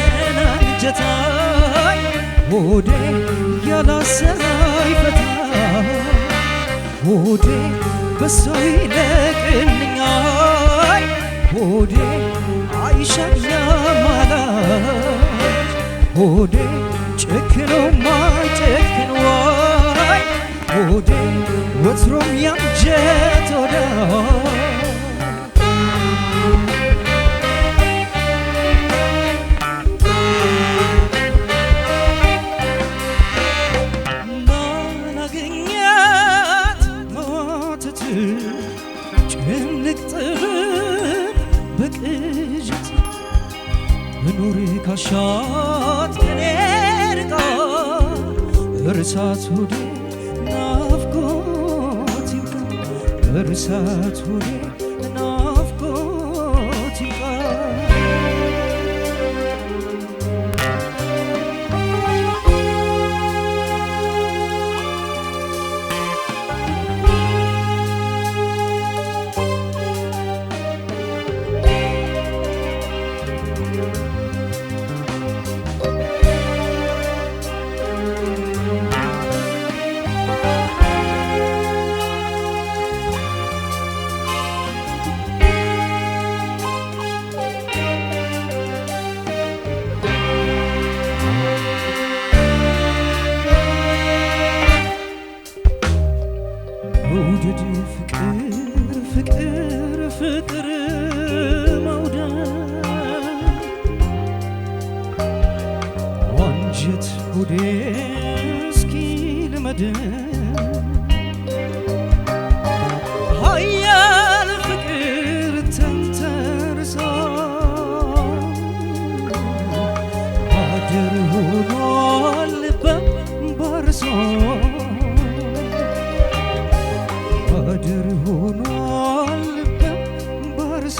የቀን አንጀታይ ሆዴ ያላሰራይ ፈታ ሆዴ በሷ ይለቅልኛል ሆዴ አይሻኛም አላች ሆዴ ጨክኖማ ጨክኗል ሆዴ ወትሮም ያንጀት ወዳይ መኖር ካሻት ከኔ እርሳት ሆዴ ናፍቆት ይብቃ እርሳት ሆዴ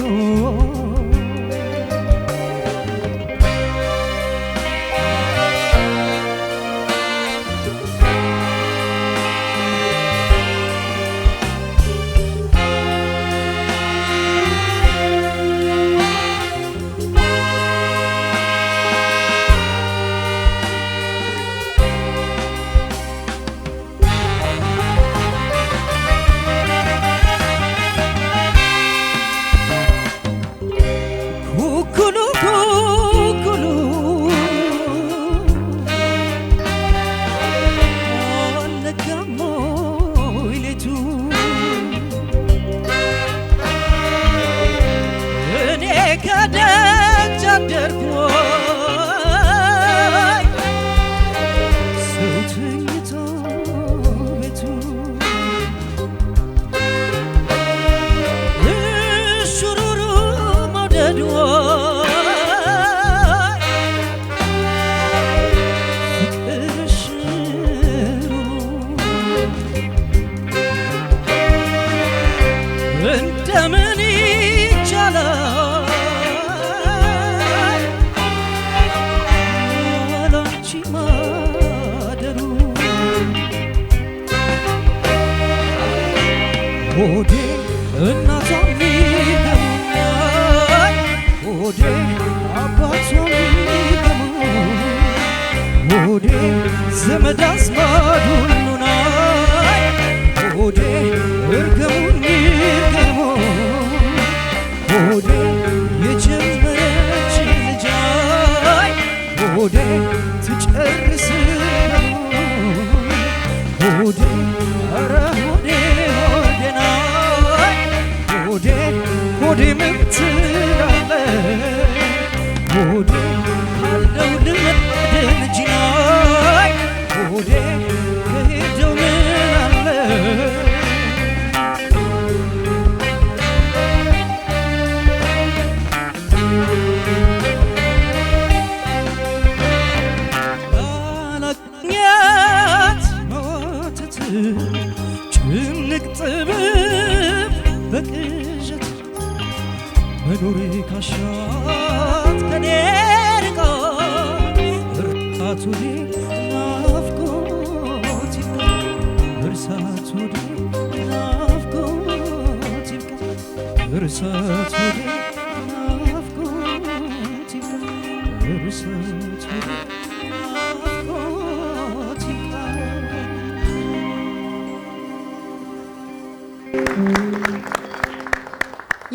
Oh. America ሆዴ እናቷ ሚገማል ሆዴ አባቷ ሚገማል ሆዴ ዘመድ አዝማዱ ሆዴ ምን ትላለህ?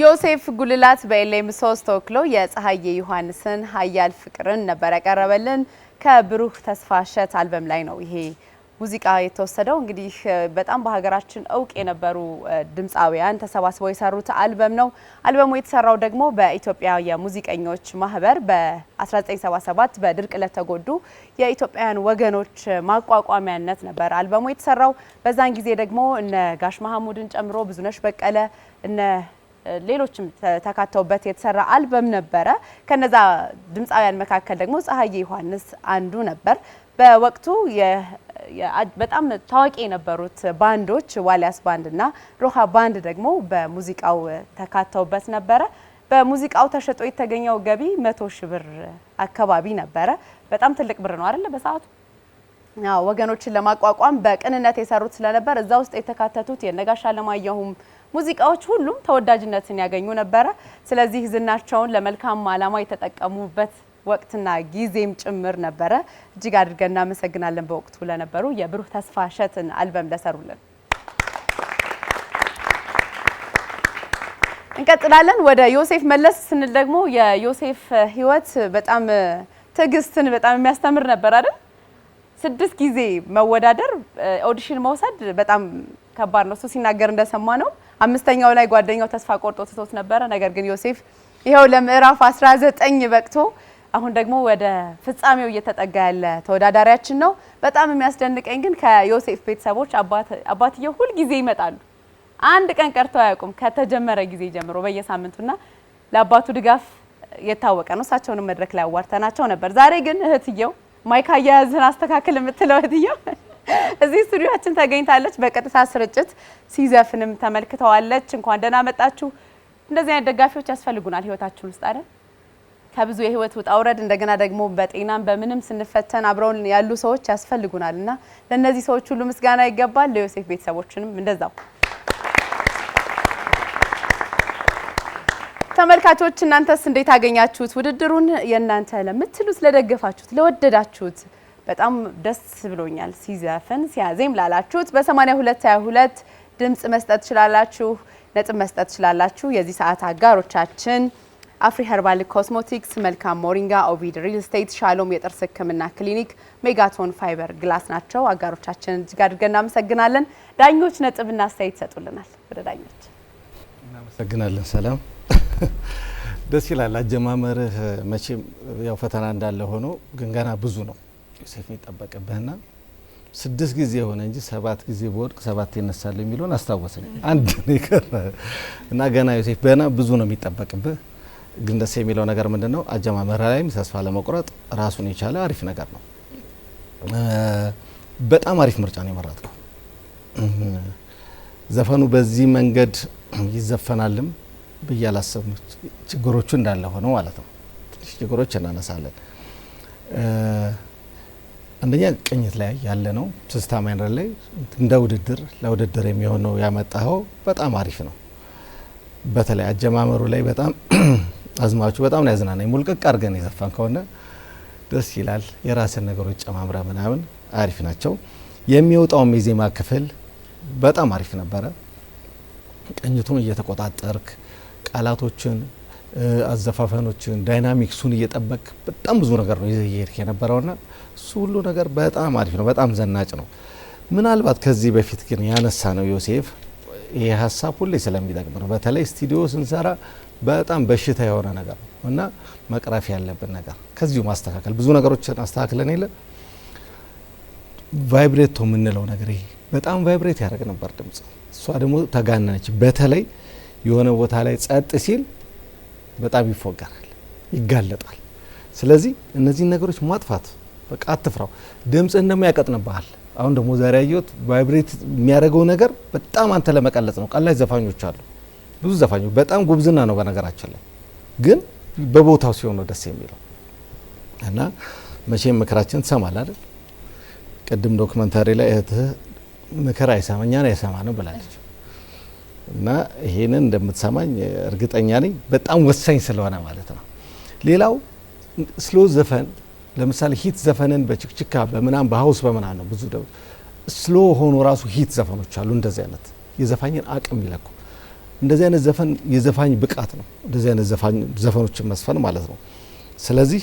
ዮሴፍ ጉልላት በኤልኤም ሶስት ተወክሎ የፀሐዬ ዮሐንስን ሀያል ፍቅርን ነበር ያቀረበልን። ከብሩህ ተስፋ እሸት አልበም ላይ ነው ይሄ ሙዚቃ የተወሰደው እንግዲህ በጣም በሀገራችን እውቅ የነበሩ ድምፃውያን ተሰባስበው የሰሩት አልበም ነው። አልበሙ የተሰራው ደግሞ በኢትዮጵያ የሙዚቀኞች ማህበር በ1977 በድርቅ ለተጎዱ የኢትዮጵያውያን ወገኖች ማቋቋሚያነት ነበር አልበሙ የተሰራው። በዛን ጊዜ ደግሞ እነ ጋሽ መሐሙድን ጨምሮ ብዙነሽ በቀለ እነ ሌሎችም ተካተውበት የተሰራ አልበም ነበረ። ከነዛ ድምፃውያን መካከል ደግሞ ፀሐዬ ዮሐንስ አንዱ ነበር። በወቅቱ በጣም ታዋቂ የነበሩት ባንዶች ዋሊያስ ባንድ እና ሮሃ ባንድ ደግሞ በሙዚቃው ተካተውበት ነበረ። በሙዚቃው ተሸጦ የተገኘው ገቢ መቶ ሺ ብር አካባቢ ነበረ። በጣም ትልቅ ብር ነው አይደለ? በሰዓቱ ወገኖችን ለማቋቋም በቅንነት የሰሩት ስለነበር እዛ ውስጥ የተካተቱት የነጋሽ አለማየሁም ሙዚቃዎች ሁሉም ተወዳጅነትን ያገኙ ነበረ። ስለዚህ ዝናቸውን ለመልካም ዓላማ የተጠቀሙበት ወቅትና ጊዜም ጭምር ነበረ። እጅግ አድርገን እናመሰግናለን በወቅቱ ለነበሩ የብሩህ ተስፋ እሸትን አልበም ለሰሩልን። እንቀጥላለን። ወደ ዮሴፍ መለስ ስንል ደግሞ የዮሴፍ ህይወት በጣም ትዕግስትን በጣም የሚያስተምር ነበር አይደል? ስድስት ጊዜ መወዳደር ኦዲሽን መውሰድ በጣም ከባድ ነው። እሱ ሲናገር እንደሰማ ነው። አምስተኛው ላይ ጓደኛው ተስፋ ቆርጦ ትቶት ነበረ። ነገር ግን ዮሴፍ ይኸው ለምዕራፍ 19 በቅቶ አሁን ደግሞ ወደ ፍጻሜው እየተጠጋ ያለ ተወዳዳሪያችን ነው። በጣም የሚያስደንቀኝ ግን ከዮሴፍ ቤተሰቦች አባትየው ሁል ጊዜ ይመጣሉ። አንድ ቀን ቀርተው አያውቁም ከተጀመረ ጊዜ ጀምሮ በየሳምንቱና ለአባቱ ድጋፍ የታወቀ ነው። እሳቸውንም መድረክ ላይ አዋርተናቸው ነበር። ዛሬ ግን እህትየው ማይክ አያያዝን አስተካክል የምትለው እህትየው እዚህ ስቱዲዮችን ተገኝታለች። በቀጥታ ስርጭት ሲዘፍንም ተመልክተዋለች። እንኳን ደህና መጣችሁ። እንደዚህ አይነት ደጋፊዎች ያስፈልጉናል ህይወታችን ውስጥ አይደል? ከብዙ የህይወት ውጣ ውረድ እንደገና ደግሞ በጤናም በምንም ስንፈተን አብረውን ያሉ ሰዎች ያስፈልጉናል እና ለእነዚህ ሰዎች ሁሉ ምስጋና ይገባል። ለዮሴፍ ቤተሰቦችንም እንደዛው። ተመልካቾች እናንተስ እንዴት አገኛችሁት? ውድድሩን የእናንተ ለምትሉት ለደገፋችሁት፣ ለወደዳችሁት በጣም ደስ ብሎኛል። ሲዘፍን ሲያዜም ላላችሁት በ8222 ድምፅ መስጠት ትችላላችሁ፣ ነጥብ መስጠት ትችላላችሁ። የዚህ ሰዓት አጋሮቻችን አፍሪ ኸርባል ኮስሞቲክስ፣ መልካም ሞሪንጋ፣ ኦቪድ ሪል ስቴት፣ ሻሎም የጥርስ ሕክምና ክሊኒክ፣ ሜጋቶን ፋይበር ግላስ ናቸው። አጋሮቻችንን እጅግ አድርገን እናመሰግናለን። ዳኞች ነጥብና አስተያየት ይሰጡልናል። ወደ ዳኞች እናመሰግናለን። ሰላም ደስ ይላል አጀማመርህ። መቼም ያው ፈተና እንዳለ ሆኖ ግን ገና ብዙ ነው ዮሴፍ የሚጠበቅብህና ስድስት ጊዜ የሆነ እንጂ ሰባት ጊዜ በወድቅ ሰባት ይነሳል የሚለውን አስታወሰኝ። አንድ ነው የቀረ እና ገና ዮሴፍ ገና ብዙ ነው የሚጠበቅብህ ግን ደስ የሚለው ነገር ምንድን ነው? አጀማመር ላይም ተስፋ ለመቁረጥ ራሱን የቻለ አሪፍ ነገር ነው። በጣም አሪፍ ምርጫ ነው የመረጥከው። ዘፈኑ በዚህ መንገድ ይዘፈናልም ብዬ አላሰብም። ችግሮቹ እንዳለ ሆነው ማለት ነው። ትንሽ ችግሮች እናነሳለን። አንደኛ ቅኝት ላይ ያለ ነው ስስታ ማይነር ላይ እንደ ውድድር ለውድድር የሚሆነው ያመጣኸው በጣም አሪፍ ነው። በተለይ አጀማመሩ ላይ በጣም አዝማቹ በጣም ነው ያዝናናኝ። ሙልቅቅ አድርገን የዘፋን ከሆነ ደስ ይላል። የራስን ነገሮች ጨማምረ ምናምን አሪፍ ናቸው። የሚወጣውም የዜማ ክፍል በጣም አሪፍ ነበረ። ቅኝቱን እየተቆጣጠርክ ቃላቶችን፣ አዘፋፈኖችን፣ ዳይናሚክሱን እየጠበቅ በጣም ብዙ ነገር ነው ይዘየሄድክ የነበረውና እሱ ሁሉ ነገር በጣም አሪፍ ነው። በጣም ዘናጭ ነው። ምናልባት ከዚህ በፊት ግን ያነሳ ነው ዮሴፍ ይህ ሀሳብ ሁሌ ስለሚጠቅም ነው። በተለይ ስቱዲዮ ስንሰራ በጣም በሽታ የሆነ ነገር ነው እና መቅረፍ ያለብን ነገር ከዚሁ ማስተካከል ብዙ ነገሮችን አስተካክለን የለ ቫይብሬቶ የምንለው ነገር ይሄ በጣም ቫይብሬት ያደርግ ነበር ድምጽ። እሷ ደግሞ ተጋነነች። በተለይ የሆነ ቦታ ላይ ጸጥ ሲል በጣም ይፎገራል፣ ይጋለጣል። ስለዚህ እነዚህን ነገሮች ማጥፋት በቃ አትፍራው። ድምጽህን ደግሞ ያቀጥንብሃል። አሁን ደግሞ ዛሬ ያየሁት ቫይብሬት የሚያደርገው ነገር በጣም አንተ ለመቀለጽ ነው። ቀላጅ ዘፋኞች አሉ ብዙ ዘፋኞች በጣም ጉብዝና ነው በነገራችን ላይ ግን በቦታው ሲሆን ነው ደስ የሚለው እና መቼም ምክራችን ትሰማል አይደል? ቅድም ዶክመንታሪ ላይ እህትህ ምክር አይሰማ እኛን ነው ብላለች እና ይሄንን እንደምትሰማኝ እርግጠኛ ነኝ። በጣም ወሳኝ ስለሆነ ማለት ነው። ሌላው ስሎ ዘፈን ለምሳሌ ሂት ዘፈንን በችክችካ በምናም በሀውስ በምናም ነው ብዙ ደ ስሎ ሆኖ ራሱ ሂት ዘፈኖች አሉ። እንደዚህ አይነት የዘፋኝን አቅም ይለኩ እንደዚህ አይነት ዘፈን የዘፋኝ ብቃት ነው። እንደዚህ አይነት ዘፈኖችን መስፈን ማለት ነው። ስለዚህ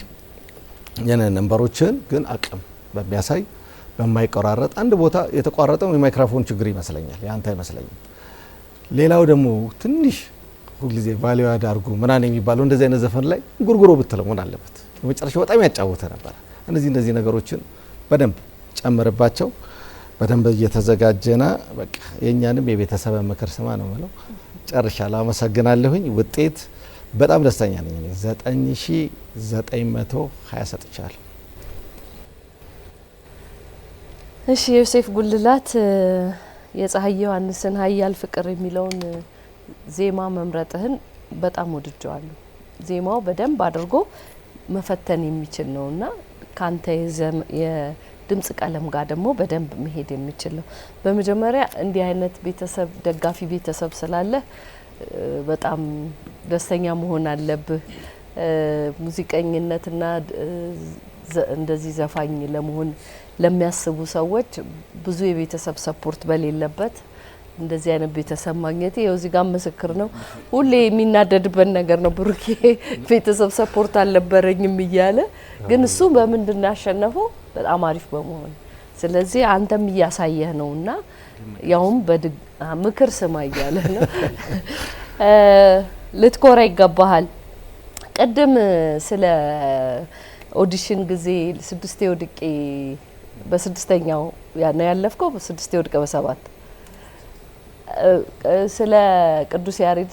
የነ ነንበሮችን ግን አቅም በሚያሳይ በማይቆራረጥ አንድ ቦታ የተቋረጠው የማይክሮፎን ችግር ይመስለኛል፣ የአንተ አይመስለኝም። ሌላው ደግሞ ትንሽ ሁልጊዜ ቫሊዩ ያዳርጉ ምናን የሚባለው እንደዚህ አይነት ዘፈን ላይ ጉርጉሮ ብትለው ምን አለበት? በመጨረሻ በጣም ያጫወተ ነበረ። እነዚህ እነዚህ ነገሮችን በደንብ ጨምርባቸው። በደንብ እየተዘጋጀና በቃ የእኛንም የቤተሰብ ምክር ስማ ነው ምለው ጨርሻለሁ። አመሰግናለሁኝ። ውጤት በጣም ደስተኛ ነኝ። እኔ 9920 ሰጥቻለሁ። እሺ ዮሴፍ ጉልላት የፀሐይ ዮሐንስን ሀያል ፍቅር የሚለውን ዜማ መምረጥህን በጣም ወድጀዋለሁ። ዜማው በደንብ አድርጎ መፈተን የሚችል ነውና ካንተ ድምጽ ቀለም ጋር ደግሞ በደንብ መሄድ የሚችል ነው። በመጀመሪያ እንዲህ አይነት ቤተሰብ ደጋፊ ቤተሰብ ስላለ በጣም ደስተኛ መሆን አለብህ። ሙዚቀኝነትና እንደዚህ ዘፋኝ ለመሆን ለሚያስቡ ሰዎች ብዙ የቤተሰብ ሰፖርት በሌለበት እንደዚህ አይነት ቤተሰብ ማግኘት ይኸው እዚህ ጋር ምስክር ነው። ሁሌ የሚናደድበት ነገር ነው። ብሩኬ ቤተሰብ ሰፖርት አልነበረኝም እያለ ግን እሱ በምንድን ነው ያሸነፈው? በጣም አሪፍ በመሆን ስለዚህ አንተም እያሳየህ ነው እና ያውም ምክር ስማ እያለ ነው። ልትኮራ ይገባሃል። ቅድም ስለ ኦዲሽን ጊዜ ስድስቴ ወድቄ በስድስተኛው ያ ነው ያለፍከው። ስድስቴ ወድቄ በሰባት ስለ ቅዱስ ያሬድ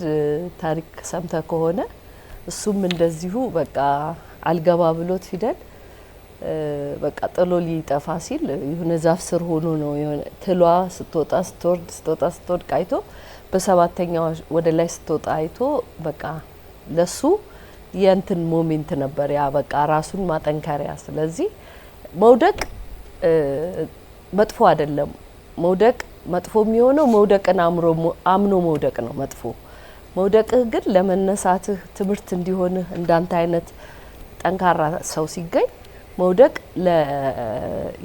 ታሪክ ሰምተ ከሆነ እሱም እንደዚሁ በቃ አልገባ ብሎት ፊደል በቃ ጥሎ ሊጠፋ ሲል የሆነ ዛፍ ስር ሆኖ ነው የሆነ ትሏ ስትወጣ ስትወርድ ስትወጣ ስትወድቅ አይቶ በሰባተኛው ወደ ላይ ስትወጣ አይቶ በቃ ለሱ የእንትን ሞሜንት ነበር ያ በቃ ራሱን ማጠንከሪያ። ስለዚህ መውደቅ መጥፎ አይደለም። መውደቅ መጥፎ የሚሆነው መውደቅን አምኖ መውደቅ ነው መጥፎ። መውደቅህ ግን ለመነሳትህ ትምህርት እንዲሆንህ እንዳንተ አይነት ጠንካራ ሰው ሲገኝ መውደቅ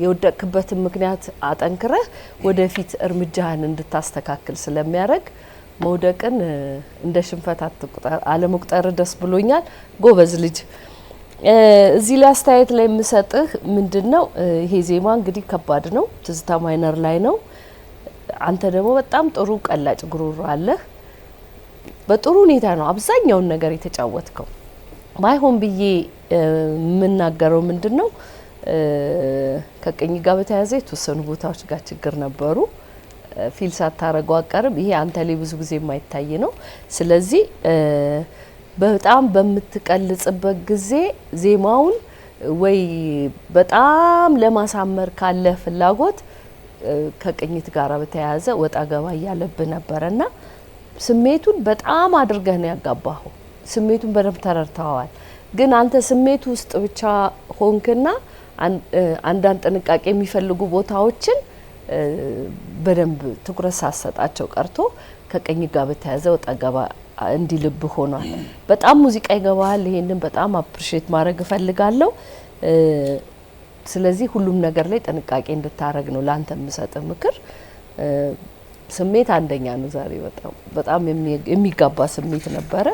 የወደቅክበትን ምክንያት አጠንክረህ ወደፊት እርምጃህን እንድታስተካክል ስለሚያደርግ መውደቅን እንደ ሽንፈት አለመቁጠር ደስ ብሎኛል። ጎበዝ ልጅ። እዚህ ላይ አስተያየት ላይ የምሰጥህ ምንድን ነው፣ ይሄ ዜማ እንግዲህ ከባድ ነው። ትዝታ ማይነር ላይ ነው። አንተ ደግሞ በጣም ጥሩ ቀላጭ ጉሮሮ አለህ። በጥሩ ሁኔታ ነው አብዛኛውን ነገር የተጫወትከው። ባይሆን ብዬ የምናገረው ምንድን ነው ከቅኝ ጋር በተያያዘ የተወሰኑ ቦታዎች ጋር ችግር ነበሩ። ፊል ሳታረገው አቀርብ ይሄ አንተ ላይ ብዙ ጊዜ የማይታይ ነው። ስለዚህ በጣም በምትቀልጽበት ጊዜ ዜማውን ወይ በጣም ለማሳመር ካለ ፍላጎት ከቅኝት ጋር በተያያዘ ወጣ ገባ እያለብህ ነበረና ስሜቱን በጣም አድርገህ ነው ያጋባኸው። ስሜቱን በደንብ ተረድተዋል። ግን አንተ ስሜቱ ውስጥ ብቻ ሆንክና አንዳንድ ጥንቃቄ የሚፈልጉ ቦታዎችን በደንብ ትኩረት ሳሰጣቸው ቀርቶ ከቅኝት ጋር በተያያዘ ወጣ ገባ እንዲልብ ሆኗል። በጣም ሙዚቃ ይገባል። ይሄንን በጣም አፕሪሼት ማድረግ እፈልጋለሁ። ስለዚህ ሁሉም ነገር ላይ ጥንቃቄ እንድታደረግ ነው ለአንተ የምሰጥ ምክር። ስሜት አንደኛ ነው። ዛሬ በጣም በጣም የሚጋባ ስሜት ነበረ።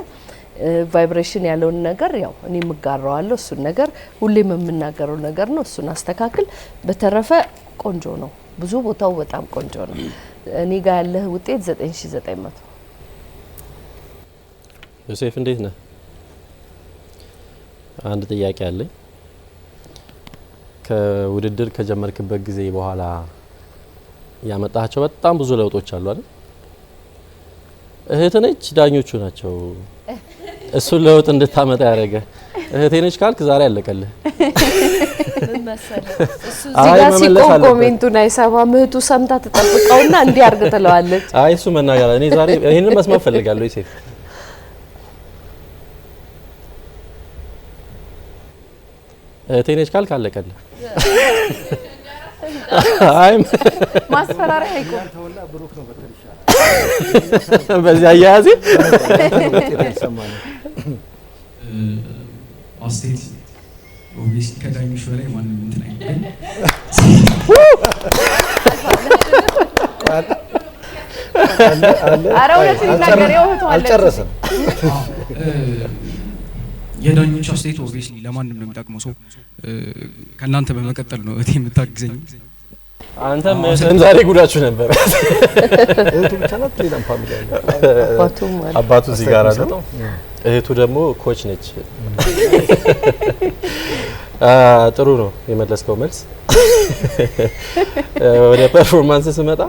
ቫይብሬሽን ያለውን ነገር ያው እኔ የምጋራዋለሁ። እሱን ነገር ሁሌም የምናገረው ነገር ነው። እሱን አስተካክል። በተረፈ ቆንጆ ነው። ብዙ ቦታው በጣም ቆንጆ ነው። እኔ ጋር ያለህ ውጤት መቶ ዮሴፍ እንዴት ነህ? አንድ ጥያቄ አለኝ። ከውድድር ከጀመርክበት ጊዜ በኋላ ያመጣቸው በጣም ብዙ ለውጦች አሉ አይደል? እህት ነች፣ ዳኞቹ ናቸው። እሱን ለውጥ እንድታመጣ ያደረገ እህቴ ነች ካልክ ዛሬ አለቀልህ። እዚጋ ሲቆም ኮሜንቱን አይሰማም። እህቱ ሰምታ ትጠብቀውና እንዲህ አድርግ ትለዋለች። አይ እሱ መናገር እኔ ዛሬ ይህንን መስማት ፈልጋለሁ ሴት እህቴ ነች ካልክ አለቀልህ። ማስፈራሪያ አይቆም። በዚህ አያያዜ አስቴት ኦብቪየስሊ ከዳኞች በላይ ማንም እንትን አይገኝ አልጨረሰም። የዳኞች አስተያየት ኦብቪስሊ ለማንም ነው የሚጠቅመው። ሰው ከእናንተ በመቀጠል ነው እህቴ የምታግዘኝ። አንተም እህትህም ዛሬ ጉዳችሁ ነበር። አባቱ እዚህ ጋር ነው። እህቱ ደግሞ ኮች ነች። ጥሩ ነው የመለስከው መልስ። ወደ ፐርፎርማንስ ስመጣ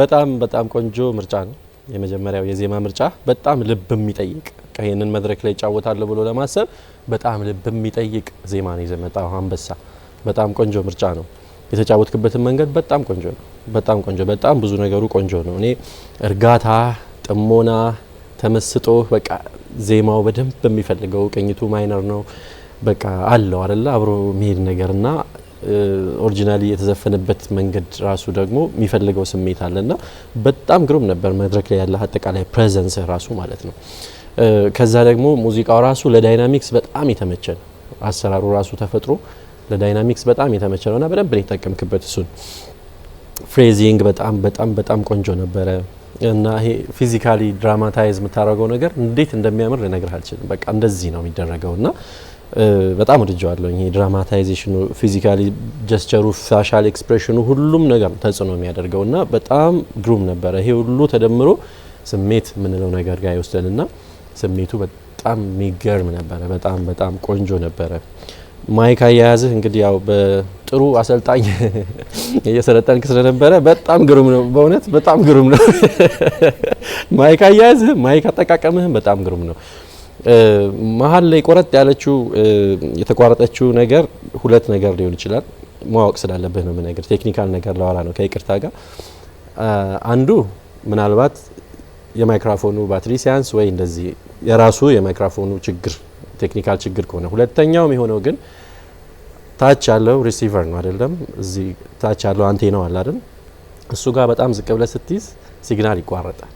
በጣም በጣም ቆንጆ ምርጫ ነው የመጀመሪያው የዜማ ምርጫ። በጣም ልብ የሚጠይቅ በቃ ይህንን መድረክ ላይ ይጫወታለሁ ብሎ ለማሰብ በጣም ልብ የሚጠይቅ ዜማ ነው ይዘ አንበሳ። በጣም ቆንጆ ምርጫ ነው። የተጫወትክበትን መንገድ በጣም ቆንጆ ነው። በጣም ቆንጆ፣ በጣም ብዙ ነገሩ ቆንጆ ነው። እኔ እርጋታ፣ ጥሞና፣ ተመስጦ በቃ ዜማው በደንብ የሚፈልገው ቅኝቱ ማይነር ነው። በቃ አለው አደለ አብሮ መሄድ ና ኦሪጂናሊ የተዘፈነበት መንገድ ራሱ ደግሞ የሚፈልገው ስሜት አለና በጣም ግሩም ነበር። መድረክ ላይ ያለ አጠቃላይ ፕሬዘንስ ራሱ ማለት ነው። ከዛ ደግሞ ሙዚቃው ራሱ ለዳይናሚክስ በጣም የተመቸ ነው። አሰራሩ ራሱ ተፈጥሮ ለዳይናሚክስ በጣም የተመቸ እና በደንብ ነው የተጠቀምክበት። እሱን ፍሬዚንግ በጣም በጣም በጣም ቆንጆ ነበረ እና ይሄ ፊዚካሊ ድራማታይዝ የምታደርገው ነገር እንዴት እንደሚያምር ልነግርህ አልችልም። በቃ እንደዚህ ነው የሚደረገው እና በጣም ወድጀዋለሁ። ይሄ ድራማታይዜሽኑ፣ ፊዚካሊ ጀስቸሩ፣ ፋሻል ኤክስፕሬሽኑ ሁሉም ነገር ተጽዕኖ የሚያደርገው እና በጣም ግሩም ነበረ። ይሄ ሁሉ ተደምሮ ስሜት የምንለው ነገር ጋር ይወስደንና ስሜቱ በጣም የሚገርም ነበረ። በጣም በጣም ቆንጆ ነበረ። ማይክ አያያዝህ እንግዲህ ያው በጥሩ አሰልጣኝ እየሰለጠንክ ስለነበረ በጣም ግሩም ነው። በእውነት በጣም ግሩም ነው። ማይክ አያያዝህ፣ ማይክ አጠቃቀምህም በጣም ግሩም ነው። መሀል ላይ ቆረጥ ያለችው የተቋረጠችው ነገር ሁለት ነገር ሊሆን ይችላል። ማወቅ ስላለብህ ነው የምነግር። ቴክኒካል ነገር ለኋላ ነው ከይቅርታ ጋር አንዱ ምናልባት የማይክራፎኑ ባትሪ ሲያንስ ወይ እንደዚህ የራሱ የማይክራፎኑ ችግር ቴክኒካል ችግር ከሆነ፣ ሁለተኛው የሆነው ግን ታች ያለው ሪሲቨር ነው አይደለም፣ እዚህ ታች ያለው አንቴናው አለ አይደል፣ እሱ ጋር በጣም ዝቅ ብለ ስትይዝ ሲግናል ይቋረጣል።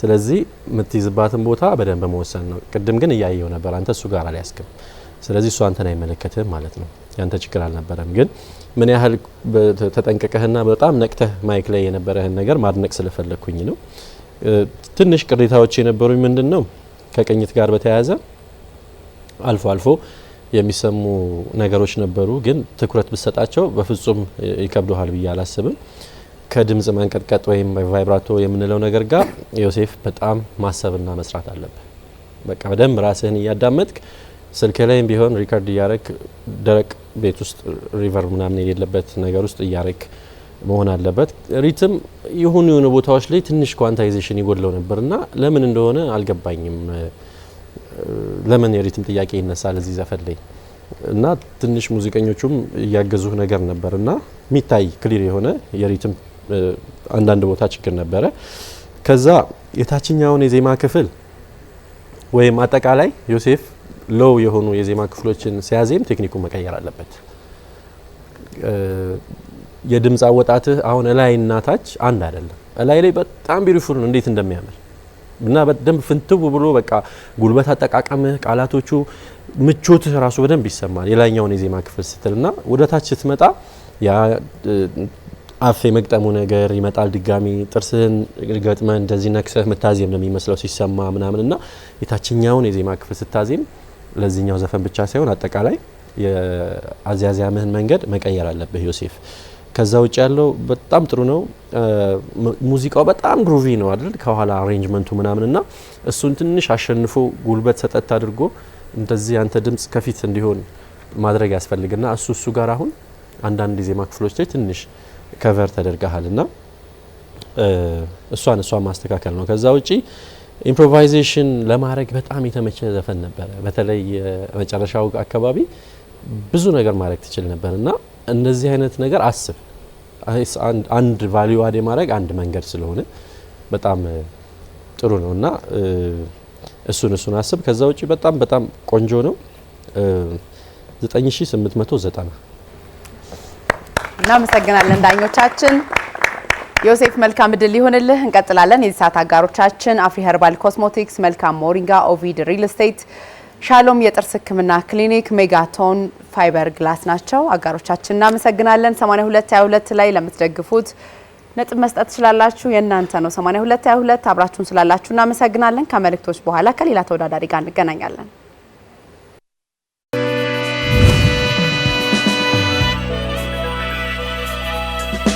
ስለዚህ የምትይዝባትን ቦታ በደንብ መወሰን ነው። ቅድም ግን እያየው ነበር፣ አንተ እሱ ጋር አልያዝክም። ስለዚህ እሱ አንተን አይመለከትህም ማለት ነው። ያንተ ችግር አልነበረም። ግን ምን ያህል ተጠንቀቀህና በጣም ነቅተህ ማይክ ላይ የነበረህን ነገር ማድነቅ ስለፈለግኩኝ ነው። ትንሽ ቅሬታዎች የነበሩኝ ምንድን ነው ከቅኝት ጋር በተያያዘ አልፎ አልፎ የሚሰሙ ነገሮች ነበሩ። ግን ትኩረት ብሰጣቸው በፍጹም ይከብደሃል ብዬ አላስብም። ከድምጽ መንቀጥቀጥ ወይም ቫይብራቶ የምንለው ነገር ጋር ዮሴፍ በጣም ማሰብና መስራት አለብህ። በቃ በደንብ ራስህን እያዳመጥክ ስልክ ላይም ቢሆን ሪከርድ እያረክ ደረቅ ቤት ውስጥ ሪቨር ምናምን የሌለበት ነገር ውስጥ እያረክ መሆን አለበት። ሪትም የሆኑ የሆኑ ቦታዎች ላይ ትንሽ ኳንታይዜሽን ይጎድለው ነበር እና ለምን እንደሆነ አልገባኝም። ለምን የሪትም ጥያቄ ይነሳል እዚህ ዘፈን ላይ እና ትንሽ ሙዚቀኞቹም እያገዙ ነገር ነበር እና የሚታይ ክሊር የሆነ የሪትም አንዳንድ ቦታ ችግር ነበረ። ከዛ የታችኛውን የዜማ ክፍል ወይም አጠቃላይ ዮሴፍ ሎው የሆኑ የዜማ ክፍሎችን ሲያዜም ቴክኒኩ መቀየር አለበት። የድምፅ አወጣትህ አሁን እላይ እናታች ታች አንድ አይደለም። እላይ ላይ በጣም ቢሪፉል ነው እንዴት እንደሚያምር እና በደንብ ፍንትው ብሎ በቃ ጉልበት አጠቃቀምህ፣ ቃላቶቹ፣ ምቾትህ ራሱ በደንብ ይሰማል የላይኛውን የዜማ ክፍል ስትል ና ወደ ታች ስትመጣ ያ አፍ የመግጠሙ ነገር ይመጣል ድጋሚ ጥርስህን ገጥመ እንደዚህ ነክሰህ ምታዜም ነው የሚመስለው ሲሰማ ምናምን እና የታችኛውን የዜማ ክፍል ስታዜም ለዚህኛው ዘፈን ብቻ ሳይሆን አጠቃላይ የአዝያዝያምህን መንገድ መቀየር አለብህ ዮሴፍ። ከዛ ውጭ ያለው በጣም ጥሩ ነው። ሙዚቃው በጣም ግሩቪ ነው አይደል? ከኋላ አሬንጅመንቱ ምናምን እና እሱን ትንሽ አሸንፎ ጉልበት ሰጠት አድርጎ እንደዚህ ያንተ ድምጽ ከፊት እንዲሆን ማድረግ ያስፈልግና እሱ እሱ ጋር አሁን አንዳንድ የዜማ ክፍሎች ላይ ትንሽ ከቨር ተደርገሃል እና እሷን እሷን ማስተካከል ነው። ከዛ ውጪ ኢምፕሮቫይዜሽን ለማድረግ በጣም የተመቸ ዘፈን ነበረ። በተለይ መጨረሻው አካባቢ ብዙ ነገር ማድረግ ትችል ነበር እና እንደዚህ አይነት ነገር አስብ። አንድ ቫሊዩ አድ ማድረግ አንድ መንገድ ስለሆነ በጣም ጥሩ ነው እና እሱን እሱን አስብ። ከዛ ውጭ በጣም በጣም ቆንጆ ነው። 9890 እናመሰግናለን ዳኞቻችን። ዮሴፍ መልካም እድል ሊሆንልህ። እንቀጥላለን። የዚህ ሰዓት አጋሮቻችን አፍሪ ኸርባል ኮስሞቲክስ፣ መልካም ሞሪንጋ፣ ኦቪድ ሪል ስቴት ሻሎም የጥርስ ሕክምና ክሊኒክ፣ ሜጋቶን ፋይበር ግላስ ናቸው አጋሮቻችን። እናመሰግናለን። 8222 ላይ ለምትደግፉት ነጥብ መስጠት ትችላላችሁ፣ የእናንተ ነው። 8222 አብራችሁን ስላላችሁ እናመሰግናለን። ከመልእክቶች በኋላ ከሌላ ተወዳዳሪ ጋር እንገናኛለን።